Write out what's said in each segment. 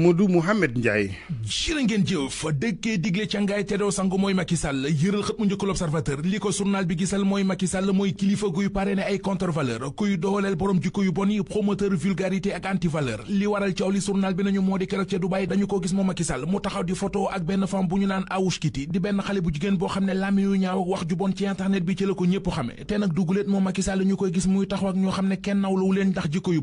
Modou Mouhamed Ndiaye jërë ngeen jëf dëkkee digle ca ngaay te sangu mooy Macky yëral xët mu njëkk l'Observateur li ko journal bi gisal mooy Macky mooy kilifa guy parrainé ay contre kuy dooleel borom jikko yu bon yi promoteur vulgarité ak anti li waral coow li journal bi nañu moo di keroog dañu ko gis moom Macky Sall mu taxaw di photo ak benn femme bu naan Awush di benn xale bu jigéen boo xam ne làmmiñ yu ñaaw ak wax ju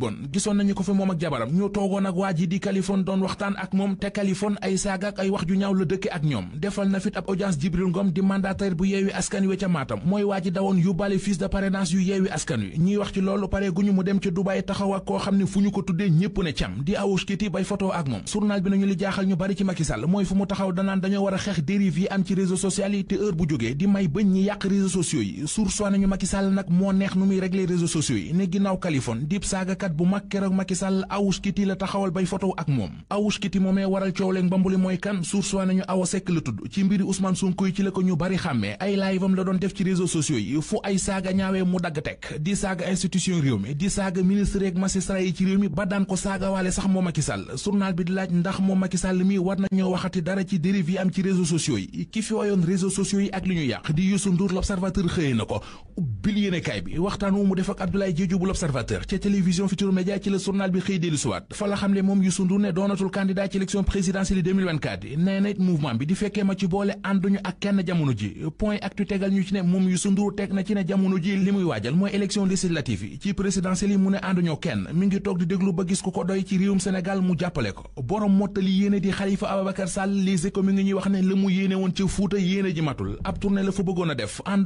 bon waxtaan ak moom te Kaliphone ay saaga ay wax ju ñaaw la dëkke ak ñoom defal na fit ab audience Jibril Ngom di mandataire bu yeewi askan we ca Matam mooy waa ji dawoon yóbbaale fils de parrainage yu yeewi askan wi ñiy wax ci loolu pare guñu mu dem ci Dubaay taxaw ak koo xam ne fu ñu ko tuddee ñépp ne cam di awushkiti bay photo ak moom journal bi nañu li jaaxal ñu bari ci Macky Sall mooy fu mu taxaw danaan dañoo war a xeex dérive yi am ci réseaux sociaux yi te heure may bëñ ñi yàq réseaux sociaux yi sour soi Sall nag moo neex nu muy régler réseaux sociaux yi ne ginnaaw Kaliphone dib saagakat bu mag keroog Macky Sall awushkiti la taxawal bay photo ak moom awuskiti moomee waral coow leeg mbambuli mooy kan sursoi nañu awa sekk la tudd ci mbiri Ousmane Sonko yi ci la ko ñu bari xàmmee ay live am la doon def ci réseaux sociaux yi fu ay saaga ñaawee mu dagg teg di saaga institution réew mi di saaga ministre yeeg magistrat yi ci réew mi ba daan ko saagawaale sax moo Macky Sall journal bi di laaj ndax moo Macky Sall mi war nañoo waxati dara ci dérive yi am ci réseaux sociaux yi ki fi wayoon réseaux sociaux doonatul candidat ci élection présidentielle yi 2024 yi nee na it bi di fekkee ma ci boole ànduñu ak kenn jamono ji point actu tegal ñu ci ne moom Youssou Ndour teg na ci ne jamono ji li muy waajal mooy élection législative yi ci présidentielle yi mu ne ànduñoo kenn mi ngi toog di déglu ba gis ku ko doy ci réewum Sénégal mu jàppale ko borom mottali yéene di Khalifa Ababacar Sall Les Échos mi ngi ñuy wax ne la mu yéene woon ci Fuuta yéene ji matul ab tournée la fa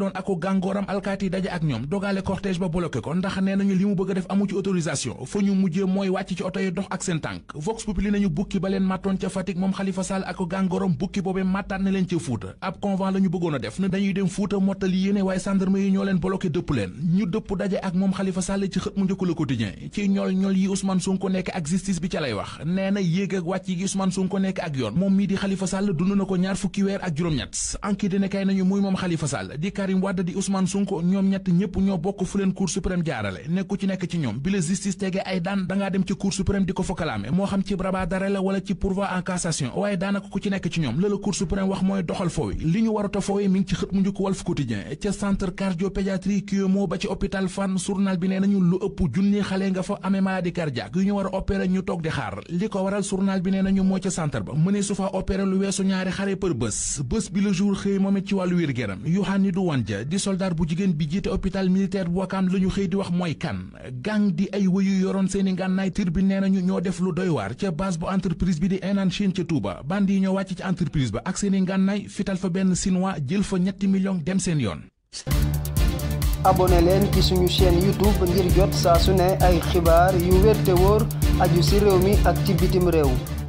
nañu bukki ba leen màttoon ca Fatick moom Khalifa Sall ak gàngorom bukki boobee màttaat na leen ca Fuuta ab convent la ñu def ne dañuy dem Fuuta mottali yéene waaye gendarme yi ñoo leen bloqué dëpp leen ñu dëpp daje ak moom Khalifa Sall ci xët mu njëkk Le Quotidien ci ñool ñool yi Ousmane Sonko nekk ak justice bi ca lay wax nee na yéeg ak wàcc yi Ousmane Sonko nekk ak yoon moom mii di Khalifa Sall dund na ko ñaar fukki weer ak juróom-ñett dara wala ci pourvoi en waaye daanaka ku ci nekk ci ñoom la la Cour suprême wax mooy doxal foowi li ñu warut a foowi ci xët mu njëkk Walf Quotidien ca centre cardiopédiatrie QMO ba ci hôpital Fann journal bi nee nañu lu ëpp junni xale nga fa amee maladie cardiaque yu ñu war a opéré ñu toog di xaar li ko waral journal bi nee nañu moo ca centre ba mënee su fa opéré lu weesu ñaari xale për bés bi le jour xëy moom it ci wàllu wér géram Yohani du wax mooy kan gang di ay bi nee nañu ñoo def lu doy waar ca base bu entreprise bi di Enan Chine Touba band yi ñoo wàcc ci entreprise ba ak seeni ngànnaay fital fa benn Sinois jël fa ñetti million dem seen yoon. leen ci suñu chaîne YouTube ngir jot saa su ne ay xibaar yu wér te wóor aju ci réew mi ak ci bitim réew.